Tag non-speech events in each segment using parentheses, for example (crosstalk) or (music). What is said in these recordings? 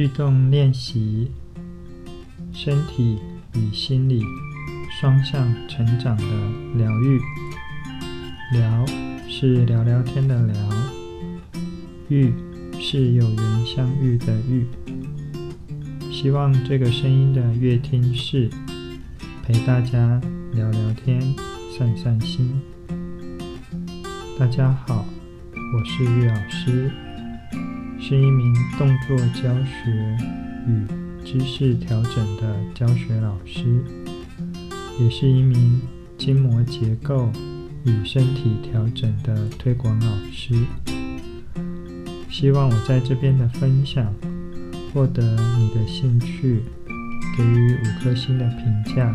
律動練習，身體與心理雙向成長的療愈。聊是聊聊天的聊，愈是有緣相遇的愈。希望這個聲音的樂聽室陪大家聊聊天、散散心。大家好，我是玉老師。是一名動作教學與姿勢調整的教學老師，也是一名筋膜結構與身體調整的推廣老師。希望我在這邊的分享獲得你的興趣，給予五顆星的評價、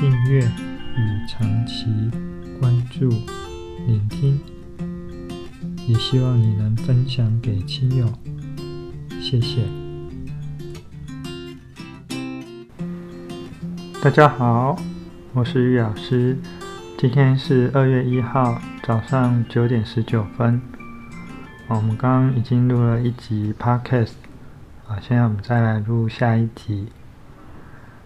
訂閱與長期關注、聆聽。也希望你能分享給親友，謝謝。大家好，我是玉老師，今天是二月一號早上九點十九分。我們剛剛已經錄了一集 Podcast，啊，現在我們再來錄下一集。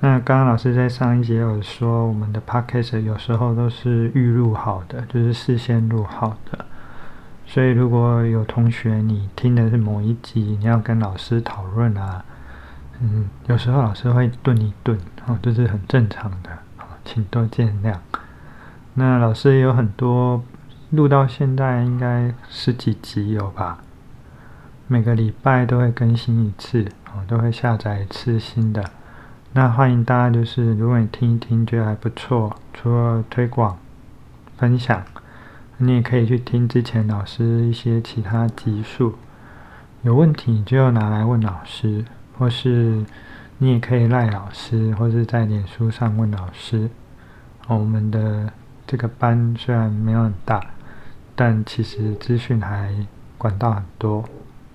那剛剛老師在上一集有說，我們的 Podcast 有時候都是預錄好的，就是事先錄好的。所以如果有同學你聽的是某一集，你要跟老師討論啊，嗯，有時候老師會頓一頓，哦，這、就是很正常的，哦，請多見諒。那老師有很多錄到現在應該十幾集有吧，每個禮拜都會更新一次，我、哦、都會下載一次新的。那歡迎大家就是如果你聽一聽覺得還不錯，除了推廣分享。你也可以去聽之前老師一些其他集數，有問題你就拿來問老師，或是你也可以賴老師，或是在臉書上問老師。我們的這個班雖然沒有很大，但其實資訊還管道很多。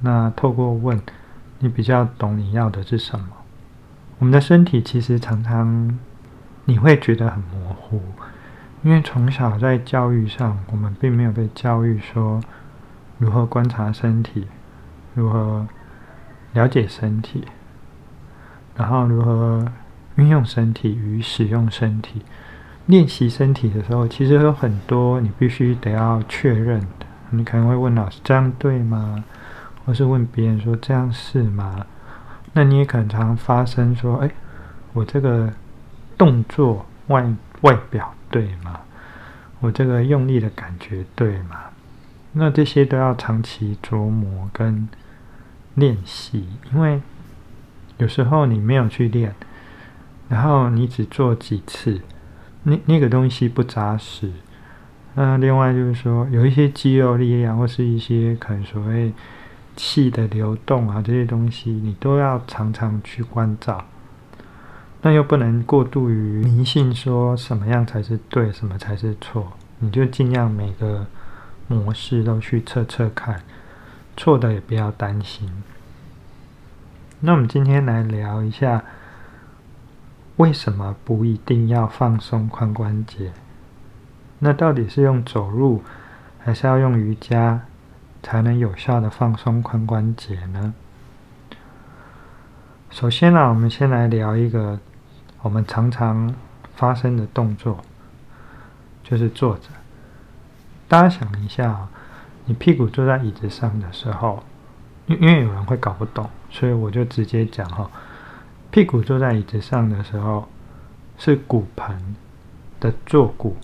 那透過問，你比較懂你要的是什麼。我們的身體其實常常你會覺得很模糊。因為從小在教育上，我們並沒有被教育說如何觀察身體，如何了解身體，然後如何運用身體與使用身體。練習身體的時候，其實有很多你必須得要確認的。你可能會問老師：“這樣對嗎？”或是問別人說：“這樣是嗎？”那你也可能常發生說：“誒，我這個動作外外表。”對嗎？我這個用力的感覺對嗎？那這些都要長期琢磨跟練習，因為有時候你沒有去練，然後你只做幾次，那那個東西不扎實。那另外就是說，有一些肌肉力量啊，或是一些可能所謂氣的流動啊，這些東西你都要常常去關照。那又不能過度於迷信，說什麼樣才是對，什麼才是錯？你就儘量每個模式都去測測看，錯的也不要擔心。那我們今天來聊一下，為什麼不一定要放鬆髖關節？那到底是用走路，還是要用瑜伽，才能有效地放鬆髖關節呢？首先呢、啊，我們先來聊一個。我們常常發生的動作就是坐着。大家想一下哦，你屁股坐在椅子上的時候，因因為有人會搞不懂，所以我就直接講哈哦，屁股坐在椅子上的時候，是骨盆的坐骨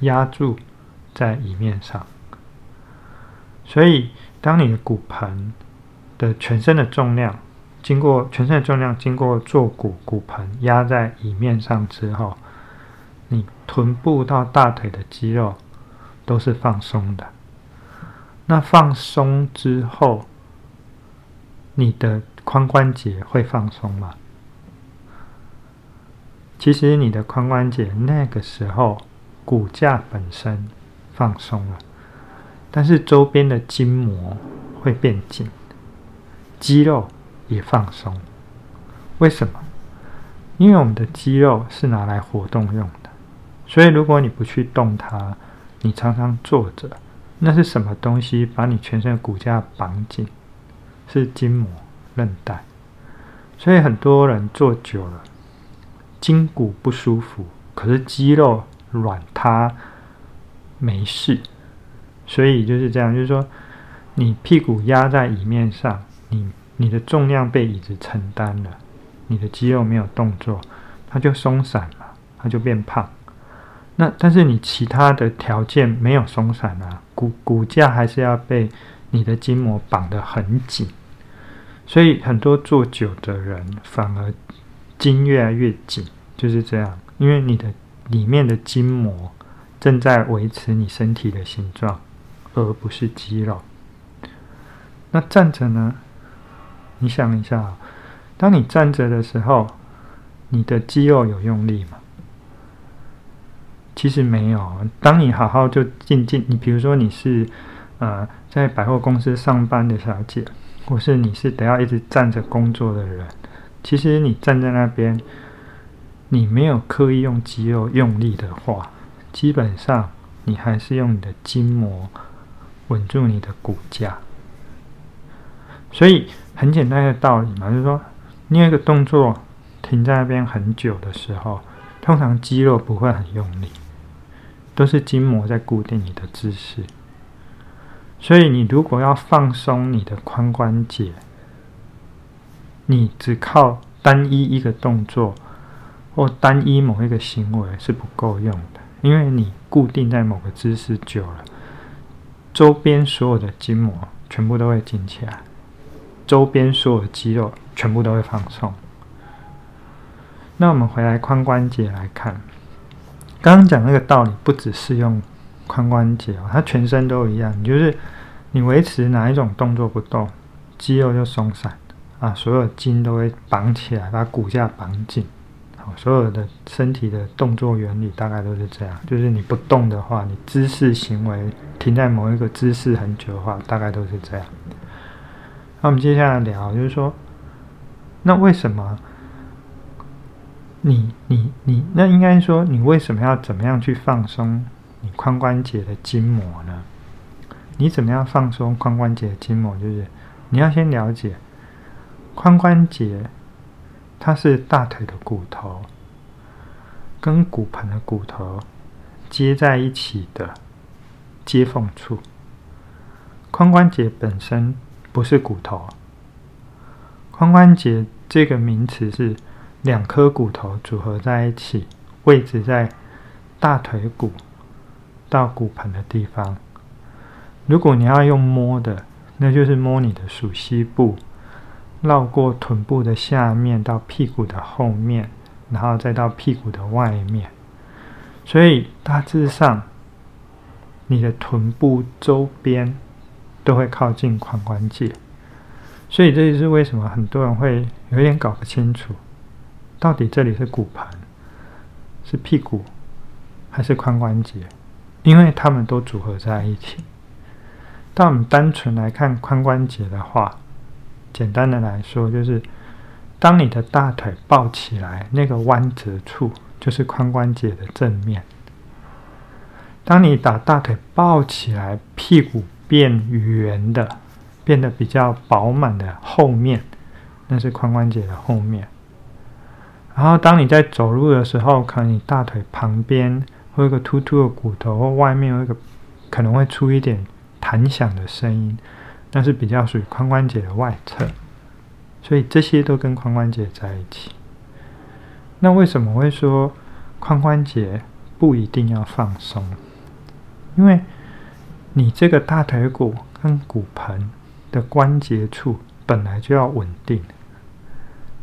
壓住在椅面上，所以當你的骨盆的全身的重量。經過全身的重量經過坐骨骨盆壓在椅面上之後，你臀部到大腿的肌肉都是放鬆的。那放鬆之後，你的髖關節會放鬆嗎？其實你的髖關節那個時候骨架本身放鬆了，但是周邊的筋膜會變緊，肌肉。也放鬆？為什麼？因為我們的肌肉是拿來活動用的，所以如果你不去動它，你常常坐着，那是什麼東西把你全身的骨架綁緊？是筋膜、韌帶。所以很多人坐久了，筋骨不舒服，可是肌肉軟塌沒事。所以就是這樣，就是說，你屁股壓在椅面上，你。你的重量被椅子承擔了，你的肌肉沒有動作，它就鬆散了，它就變胖。那但是你其他的條件沒有鬆散啊，骨骨架還是要被你的筋膜綁得很緊。所以很多坐久的人反而筋越來越緊，就是這樣，因為你的裡面的筋膜正在維持你身體的形狀，而不是肌肉。那站着呢？你想一下，當你站着的時候，你的肌肉有用力嗎？其實沒有。當你好好就靜靜，你比如說你是呃在百貨公司上班的小姐，或是你是得要一直站着工作的人，其實你站在那邊，你沒有刻意用肌肉用力的話，基本上你還是用你的筋膜穩住你的骨架，所以。很簡單的道理嘛，就是說，你有一個動作停在那邊很久的時候，通常肌肉不會很用力，都是筋膜在固定你的姿勢。所以，你如果要放鬆你的髖關節，你只靠單一一個動作或單一某一個行為是不夠用的，因為你固定在某個姿勢久了，周邊所有的筋膜全部都會緊起來。周邊所有的肌肉全部都會放鬆。那我們回來髖關節來看，剛剛講那個道理不只適用髖關節哦，它全身都一樣。你就是你維持哪一種動作不動，肌肉就鬆散啊，所有筋都會綁起來，把骨架綁緊。所有的身體的動作原理大概都是這樣。就是你不動的話，你姿勢行為停在某一個姿勢很久的話，大概都是這樣。那我們接下來聊，就是說，那為什麼你、你、你，那應該說，你為什麼要怎麼樣去放鬆你髖關節的筋膜呢？你怎麼樣放鬆髖關節的筋膜？就是你要先了解，髖關節它是大腿的骨頭跟骨盆的骨頭接在一起的接縫處，髖關節本身。不是骨頭，髖關節這個名詞是兩顆骨頭組合在一起，位置在大腿骨到骨盆的地方。如果你要用摸的，那就是摸你的鼠蹊部，繞過臀部的下面到屁股的後面，然後再到屁股的外面。所以大致上，你的臀部周邊。都會靠近髖關節，所以這就是為什麼很多人會有點搞不清楚，到底這裡是骨盆，是屁股，還是髖關節？因為它們都組合在一起。但我們單純來看髖關節的話，簡單的來說就是，當你的大腿抱起來，那個彎折處就是髖關節的正面。當你把大腿抱起來，屁股，變圓的，變得比較飽滿的後面，那是髖關節的後面。然後，當你在走路的時候，可能你大腿旁邊會有個突突的骨頭，或外面有一個可能會出一點彈響的聲音，那是比較屬於髖關節的外側。所以這些都跟髖關節在一起。那為什麼會說髖關節不一定要放鬆？因為你這個大腿骨跟骨盆的關節處本來就要穩定，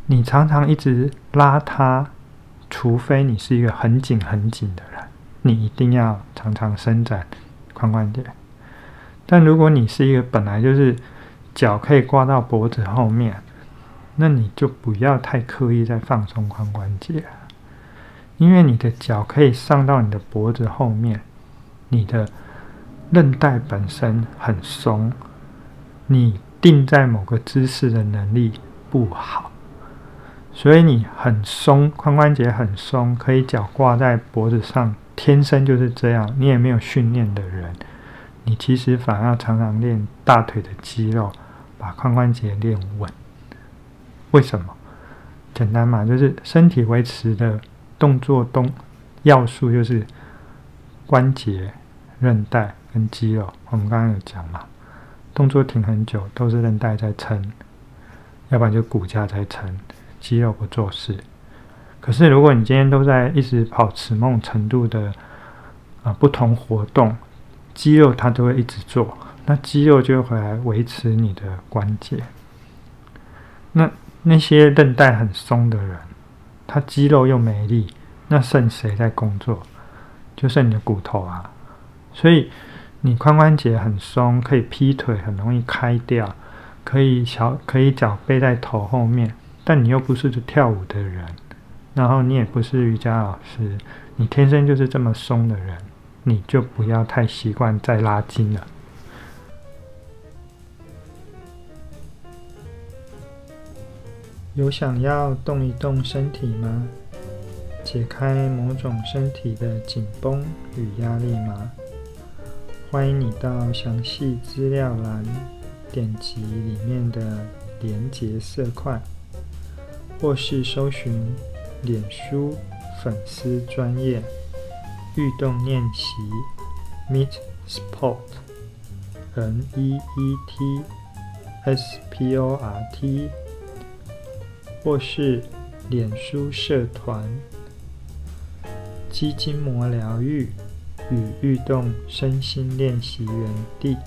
你常常一直拉它，除非你是一個很緊很緊的人，你一定要常常伸展髖關節。但如果你是一個本來就是腳可以掛到脖子後面，那你就不要太刻意在放鬆髖關節，因為你的腳可以上到你的脖子後面，你的。韌帶本身很鬆，你定在某個姿勢的能力不好，所以你很鬆，髖關節很鬆，可以腳掛在脖子上，天生就是這樣。你也沒有訓練的人，你其實反而要常常練大腿的肌肉，把髖關節練穩。為什麼？簡單嘛，就是身體維持的動作動，要素就是關節、韌帶，跟肌肉，我們剛剛有講嘛，動作停很久都是韌帶在撐，要不然就骨架在撐，肌肉不做事。可是如果你今天都在一直保持某種程度的啊、呃、不同活動，肌肉它都會一直做，那肌肉就會回來維持你的關節。那那些韌帶很鬆的人，他肌肉又沒力，那剩誰在工作？就剩你的骨頭啊。所以。你髖關節很鬆，可以劈腿，很容易開掉，可以小可以腳背在頭後面。但你又不是跳舞的人，然後你也不是瑜伽老師，你天生就是這麼鬆的人，你就不要太習慣再拉筋了。有想要動一動身體嗎？解開某種身體的緊繃與壓力嗎？歡迎你到詳細資料欄點擊裡面的連結色塊，或是搜尋臉書粉絲專頁運動練習 Meet Sport M E E T S P O R T，或是臉書社團肌筋膜療癒，與運動身心練習園地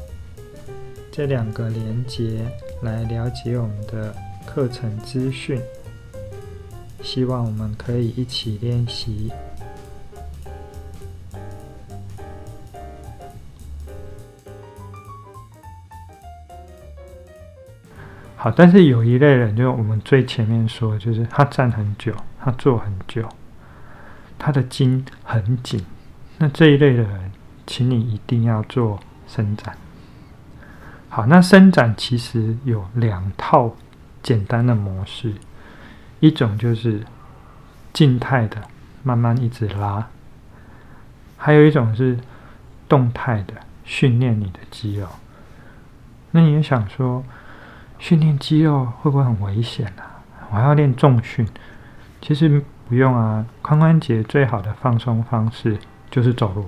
這兩個連結，來了解我們的課程資訊，希望我們可以一起練習。好，但是有一類人，就是我們最前面說，就是他站很久，他坐很久，他的筋很緊。那這一類的人，請你一定要做伸展。好，那伸展其實有兩套簡單的模式，一種就是靜態的，慢慢一直拉；還有一種是動態的，訓練你的肌肉。那你也想說，訓練肌肉會不會很危險啊？我還要練重訓。其實不用啊，髖關節最好的放鬆方式。就是走路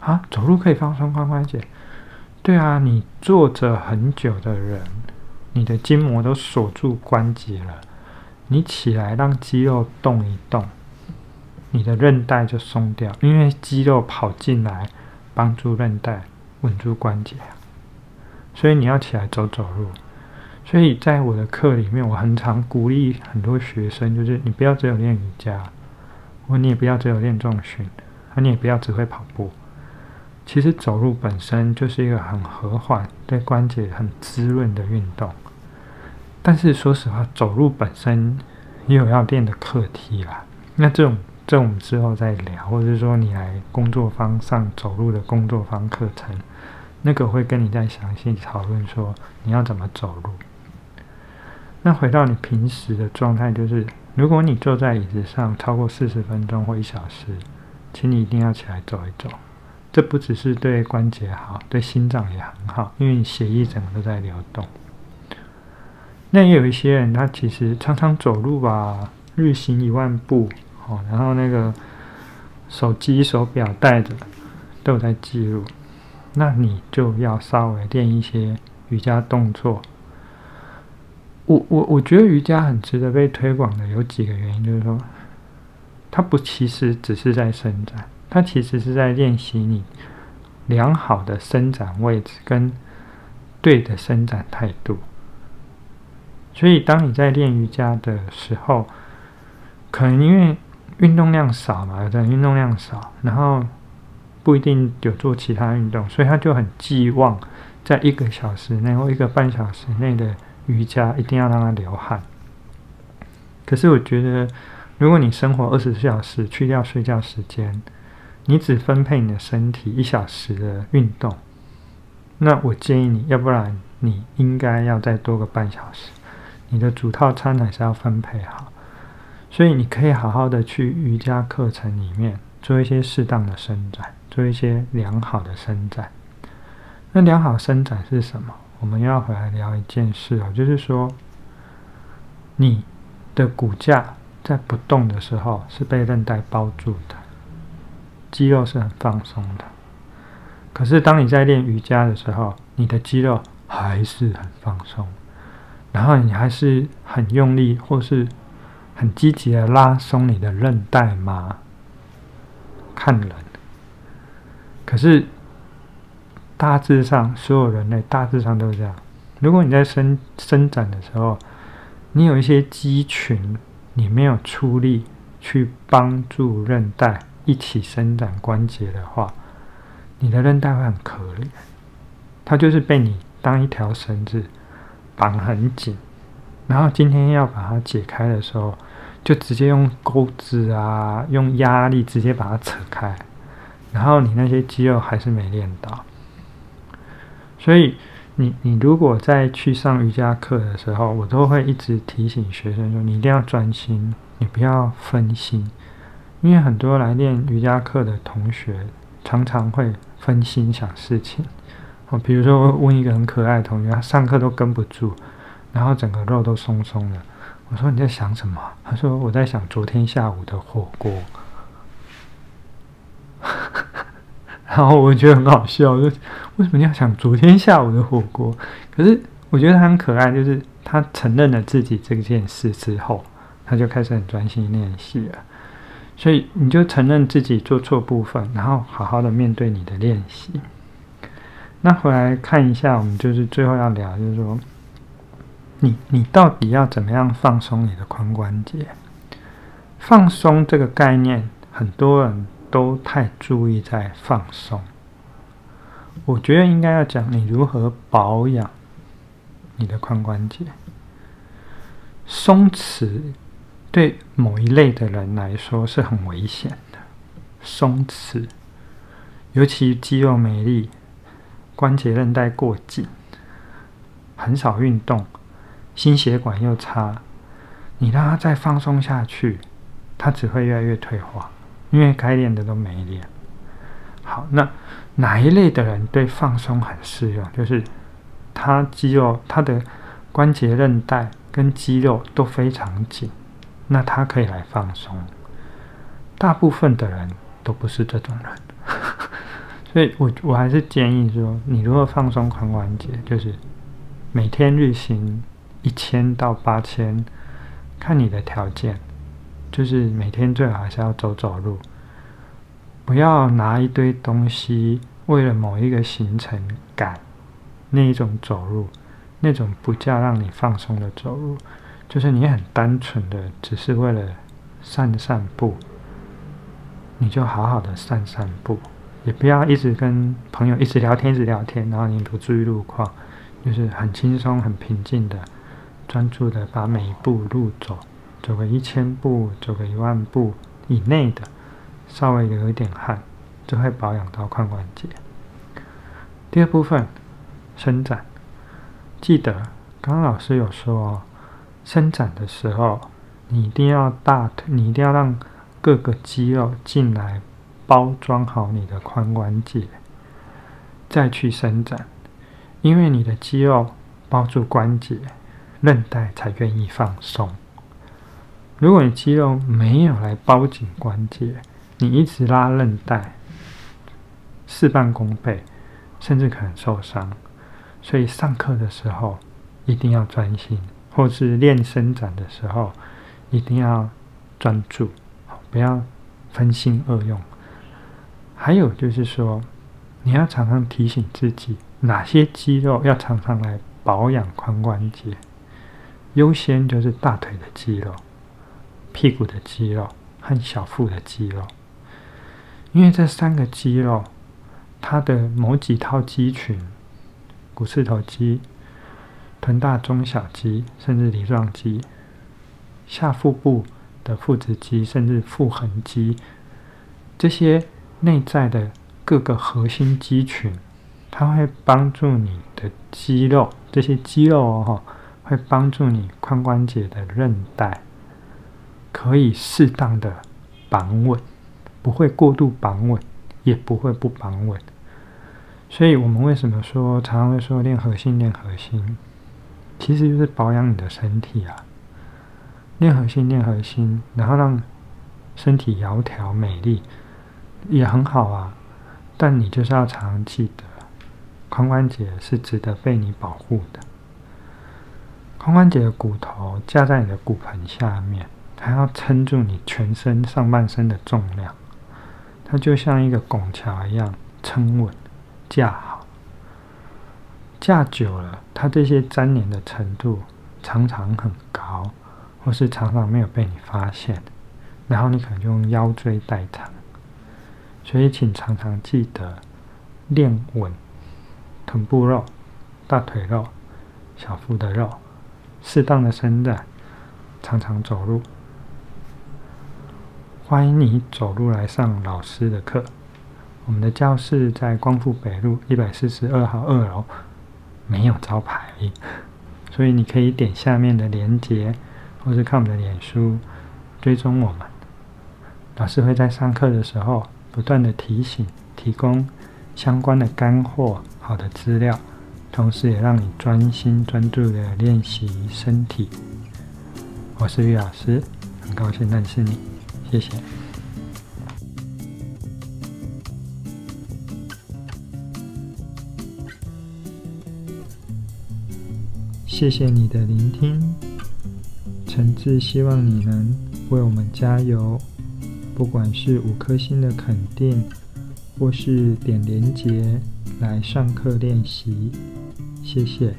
啊，走路可以放鬆髖關節。對啊，你坐着很久的人，你的筋膜都鎖住關節了。你起來讓肌肉動一動，你的韌帶就鬆掉，因為肌肉跑進來幫助韌帶穩住關節。所以你要起來走走路。所以在我的課裡面，我很常鼓勵很多學生，就是你不要只有練瑜伽。我你也不要只有練重訓。啊，你也不要只會跑步。其實走路本身就是一個很和緩、對關節很滋潤的運動。但是說實話，走路本身也有要練的課題啦。那這種，這種之後再聊，或者說你來工作坊上走路的工作坊課程，那個會跟你再詳細討論說你要怎麼走路。那回到你平時的狀態，就是。如果你坐在椅子上超過四十分鐘或一小時，請你一定要起來走一走。這不只是對關節好，對心臟也很好，因為血液整個都在流動。那也有一些人，他其實常常走路吧，日行一萬步哦，然後那個手機手錶帶着都在記錄，那你就要稍微練一些瑜伽動作。我我我覺得瑜伽很值得被推廣的，有幾個原因，就是說，它不其實只是在伸展，它其實是在練習你良好的伸展位置跟對的伸展態度。所以，當你在練瑜伽的時候，可能因為運動量少嘛，有的人運動量少，然後不一定有做其他運動，所以他就很寄望在一個小時內或一個半小時內的。瑜伽一定要讓它流汗。可是我覺得，如果你生活二十四小時，去掉睡覺時間，你只分配你的身體一小時的運動，那我建議你要不然你應該要再多個半小時。你的主套餐還是要分配好，所以你可以好好的去瑜伽課程裡面做一些適當的伸展，做一些良好的伸展。那良好伸展是什麼？我們要回來聊一件事，就是說，你的骨架在不動的時候是被韌帶包住的，肌肉是很放鬆的。可是當你在練瑜伽的時候，你的肌肉還是很放鬆，然後你還是很用力，或是很積極的拉鬆你的韌帶嘛？看人，可是。大致上，所有人類大致上都是這樣。如果你在伸伸展的時候，你有一些肌群你沒有出力去幫助韌帶一起伸展關節的話，你的韌帶會很可憐，它就是被你當一條繩子綁很緊，然後今天要把它解開的時候，就直接用鈎子啊，用壓力直接把它扯開，然後你那些肌肉還是沒練到。所以你，你你如果在去上瑜伽課的時候，我都會一直提醒學生說，你一定要專心，你不要分心，因為很多來練瑜伽課的同學常常會分心想事情。我比如說，問一個很可愛的同學，他上課都跟不住，然後整個肉都鬆鬆的。我說你在想什麼？他說我在想昨天下午的火鍋。然後我覺得很好笑，就為什麼你要想昨天下午的火鍋？可是我覺得他很可愛，就是他承認了自己這件事之後，他就開始很專心練習了。所以你就承認自己做錯部分，然後好好的面對你的練習。那回來看一下，我們就是最後要聊，就是說你你到底要怎麼樣放鬆你的髖關節？放鬆這個概念，很多人。都太注意在放鬆，我覺得應該要講你如何保養你的髖關節。鬆弛對某一類的人來說是很危險的，鬆弛，尤其肌肉沒力、關節韌帶過緊、很少運動、心血管又差，你讓它再放鬆下去，它只會越來越退化。因為該練的都沒練好，那哪一類的人對放鬆很適用？就是他肌肉、他的關節韌帶跟肌肉都非常緊，那他可以來放鬆。大部分的人都不是這種人， (laughs) 所以我我還是建議說，你如果放鬆髖關節，就是每天旅行一千到八千，看你的條件。就是每天最好還是要走走路，不要拿一堆東西，為了某一個行程趕那一種走路，那種不叫讓你放鬆的走路，就是你很單純的只是為了散散步，你就好好的散散步，也不要一直跟朋友一直聊天一直聊天，然後你不注意路況，就是很輕鬆很平靜的專注的把每一步路走，走個一千步，走個一萬步以內的，稍微流一點汗，就會保養到髖關節。第二部分，伸展。記得剛剛老師有說，伸展的時候，你一定要大腿，你一定要讓各個肌肉進來包裝好你的髖關節，再去伸展。因為你的肌肉包住關節，韌帶才願意放鬆。如果你肌肉沒有來包緊關節，你一直拉韌帶，事半功倍，甚至可能受傷。所以上課的時候一定要專心，或是練伸展的時候一定要專注，不要分心二用。還有就是說，你要常常提醒自己，哪些肌肉要常常來保養髖關節，優先就是大腿的肌肉，屁股的肌肉和小腹的肌肉，因為這三個肌肉，它的某幾套肌群，股四頭肌、臀大中小肌，甚至梨狀肌、下腹部的腹直肌，甚至腹橫肌，這些內在的各個核心肌群，它會幫助你的肌肉，這些肌肉哦會幫助你髖關節的韌帶。可以適當的綁穩，不會過度綁穩，也不會不綁穩。所以，我們為什麼說常常會說練核心練核心，其實就是保養你的身體啊。練核心練核心，然後讓身體窈窕美麗也很好啊。但你就是要常常記得，髖關節是值得被你保護的。髖關節的骨頭架在你的骨盆下面。還要撐住你全身上半身的重量，它就像一個拱橋一樣撐穩、架好。架久了，它這些粘連的程度常常很高，或是常常沒有被你發現。然後你可能就用腰椎代償，所以請常常記得練穩臀部肉、大腿肉、小腹的肉，適當的伸展，常常走路。歡迎你走路來上老師的課。我們的教室在光復北路一百四十二號二樓，沒有招牌，所以你可以點下面的鏈接，或是看我們的臉書，追蹤我們。老師會在上課的時候不斷地提醒，提供相關的乾貨、好的資料，同時也讓你專心專注地練習身體。我是玉老師，很高興認識你。謝謝，謝謝你的聆聽。誠摯希望你能為我們加油，不管是五顆星的肯定，或是點連結來上課練習。謝謝，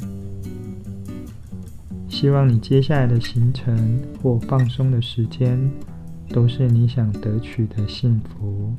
希望你接下來的行程或放鬆的時間，都是你想得取的幸福。